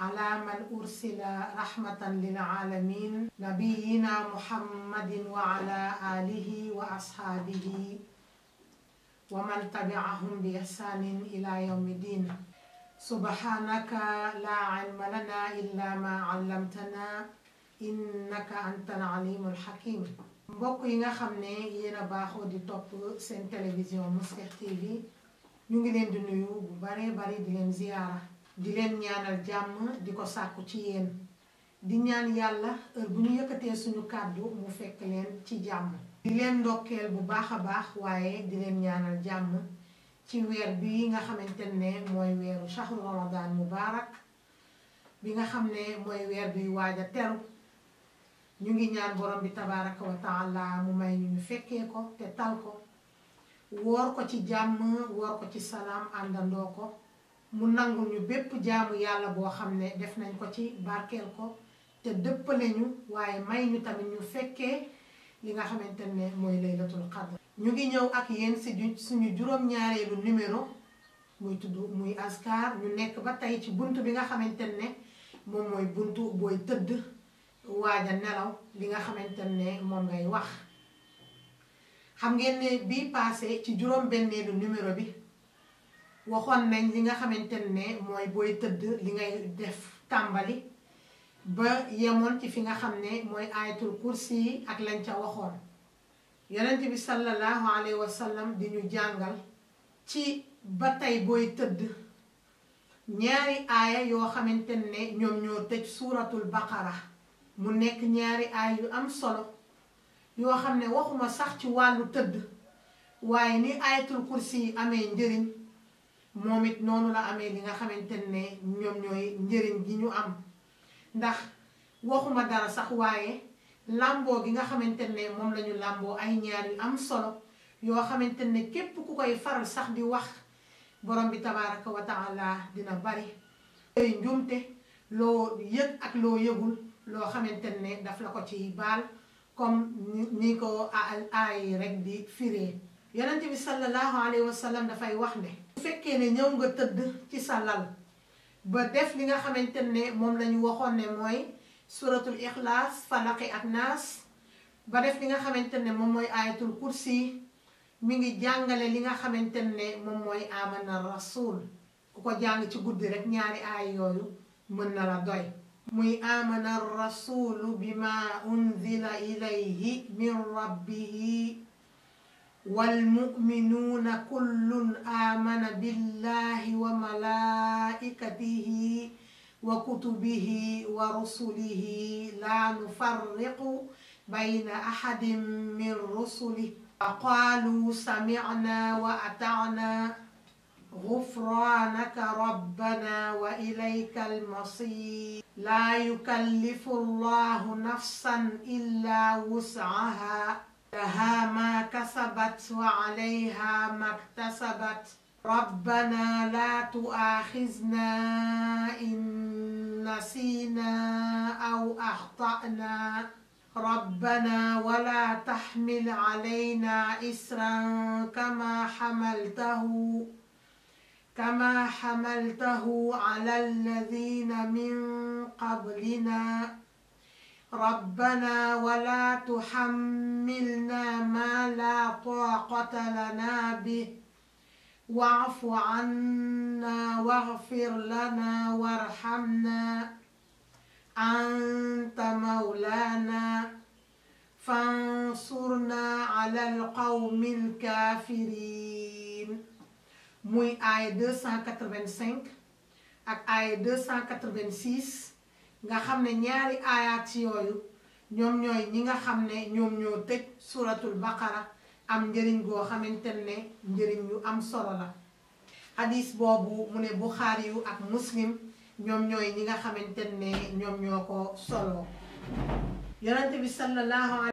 على من أرسل رحمة للعالمين نبينا محمد وعلى آله وأصحابه ومن تبعهم بإحسان إلى يوم الدين سبحانك لا علم لنا إلا ما علمتنا إنك أنت العليم الحكيم mbokk yi nga xam ne yéen a baaxoo di topp seen télévision Moustikh TV ñu ngi leen di nuyu bu bare bari di leen ziyaara di leen ñaanal jàmm di ko sàkku ci yéen di ñaan yàlla heure bu ñu yëkkatee suñu kàddu mu fekk leen ci jàmm di leen ndokkeel bu baax a baax waaye di leen ñaanal jàmm ci weer bi nga xamante ne mooy weeru shahru ramadan mubarak bi nga xam ne mooy weer bi waaja a teru ñu ngi ñaan borom bi tabaraka wa mu may ñu fekkee ko te tal ko woor ko ci jàmm woor ko ci salaam àndandoo ko mu nangul ñu bépp jaamu yàlla boo xam ne def nañ ko ci barkeel ko te dëpp nañu waaye may ñu tamit ñu fekkee li nga xamante ne mooy laylatul ñu ngi ñëw ak yéen suñu juróom-ñaareelu numéro muy tudd muy askar ñu nekk ba tey ci bunt bi nga xamante ne moom mooy bunt booy tëdd waaja nelaw li nga xamante ne moom ngay wax xam ngeen ne bii passé ci juróom-benneelu numéro bi waxoon nañ li nga xamante ne mooy booy tëdd li ngay def tàmbali ba yemoon ci fi nga xam ne mooy ayatul kursi yi ak lañ ca waxoon yonent bi sallallahu alayhi sallam di jàngal ci ba tey booy tëdd ñaari aaya yoo xamante ne ñoom ñoo tëj suuratul baqara mu nekk ñaari aaya yu am solo yoo xam ne waxuma sax ci wàllu tëdd waaye ni ayatul kursi yi amee njëriñ moom it noonu la amee li nga xamante ne ñoom ñooy njëriñ gi ñu am ndax waxuma dara sax waaye làmboo gi nga xamante ne moom la làmboo ay ñaar yu am solo yoo xamante ne képp ku koy faral sax di wax borom bi tabaaraka wa taala dina bari ay njuumte loo yëg ak loo yëgul loo xamante ne daf la ko ci baal comme ni ko aal aay rek di firee yonent bi sallallahu alayhi wa sallam dafay wax ne bu fekkee ne ñëw nga tëdd ci sa lal ba def li nga xamante ne moom lañu waxoon ne mooy suratul ixlaas falaqi at naas ba def li nga xamante ne moom mooy ayatul kursi mi ngi jàngale li nga xamante ne moom mooy amana rasul ku ko jàng ci guddi rek ñaari aay yooyu mën na la doy muy amana rasulu bima unzila ilayhi min rabbihi والمؤمنون كل آمن بالله وملائكته وكتبه ورسله لا نفرق بين أحد من رسله فقالوا سمعنا وأطعنا غفرانك ربنا وإليك المصير لا يكلف الله نفسا إلا وسعها لها ما كسبت وعليها ما اكتسبت ربنا لا تؤاخذنا إن نسينا أو أخطأنا ربنا ولا تحمل علينا إسرا كما حملته كما حملته على الذين من قبلنا ربنا ولا تحملنا ما لا طاقة لنا به واعف عنا واغفر لنا وارحمنا أنت مولانا fansurna alal qawmil kaafiriin muy aaya 285 ak aaya 286 nga xam ne ñaari aayaat ci yooyu ñoom ñooy ñi nga xam ne ñoom ñoo tëj suratul baqara am njëriñ goo xamante ne njëriñ yu am solo la hadis boobu mu ne buxaari yu ak muslim ñoom ñooy ñi nga xamante ne ñoom ñoo ko solo yonente bi sallallahu